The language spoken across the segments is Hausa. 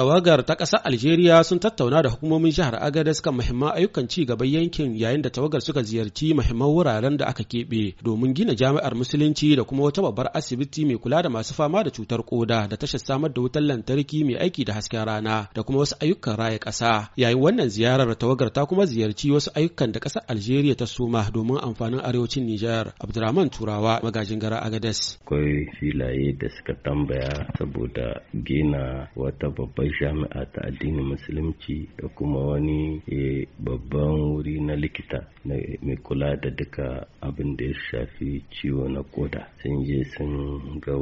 tawagar ta ƙasar algeria sun tattauna da hukumomin jihar agadez kan muhimman ayyukan ci gaban yankin yayin da tawagar suka ziyarci muhimman wuraren da aka keɓe domin gina jami'ar musulunci da kuma wata babbar asibiti mai kula da masu fama da cutar koda da tashar samar da wutar lantarki mai aiki da hasken rana da kuma wasu ayyukan raya ƙasa yayin wannan ziyarar tawagar ta kuma ziyarci wasu ayyukan da ƙasar algeria ta suma domin amfanin arewacin nijar abdurrahman turawa magajin gara agadez akwai filaye da suka tambaya saboda gina wata babbar jami'a ta addinin musulunci da kuma wani eh, babban wuri na likita mai kula da duka abin da ya shafi ciwo na koda sun je sun ga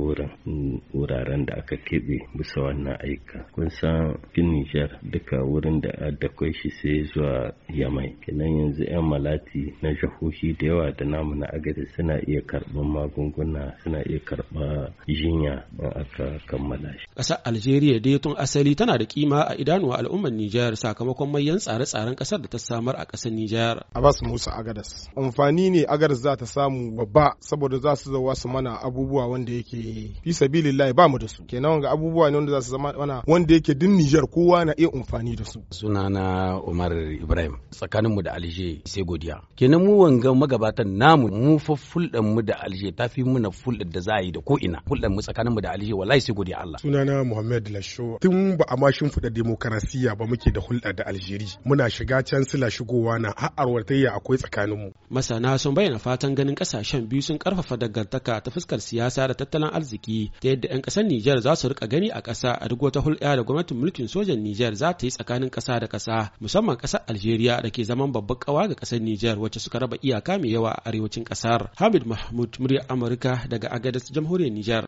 wuraren da aka keɓe bisa wannan aika kun san fin nijar duka wurin da adakwai shi sai zuwa yamai kenan yanzu 'yan malati na jahohi da yawa da namu na agadi suna iya karɓar magunguna suna iya karɓar jinya in aka kammala shi ƙasar algeria dai tun asali tana da kima a idanuwa al'ummar Nijar sakamakon mayan tsare-tsaren kasar da ta samar a kasar Nijar. Abbas Musa Agadas. Amfani ne Agadas za ta samu babba saboda za su zauwa su mana abubuwa wanda yake fi sabilillahi ba mu da su. Kenan ga abubuwa ne wanda za su zama mana wanda yake din Nijar kowa na iya amfani da su. Sunana Umar Ibrahim tsakanin mu da Alje sai godiya. Kenan mu wanga magabatan namu mu fa fulɗan mu da Alje fi muna fulɗan da za a yi da ko ina. Fulɗan mu tsakanin mu da Alje wallahi sai godiya Allah. Sunana Muhammad Lasho tun ba a ma shimfiɗa demokarasiyya ba muke da hulɗa da Aljeri. Muna shiga can sila shigowa na har arwartayya akwai tsakaninmu. Masana sun bayyana fatan ganin ƙasashen biyu sun ƙarfafa dangantaka ta fuskar siyasa da tattalin arziki ta yadda 'yan ƙasar Nijar za su rika gani a ƙasa a duk wata hulɗa da gwamnatin mulkin sojan Nijar za ta yi tsakanin ƙasa da ƙasa musamman ƙasar Aljeriya da ke zaman babban ƙawa ga ƙasar Nijar wacce suka raba iyaka mai yawa a arewacin ƙasar. Hamid Mahmud, murya Amurka daga Agadez, Jamhuriyar Nijar.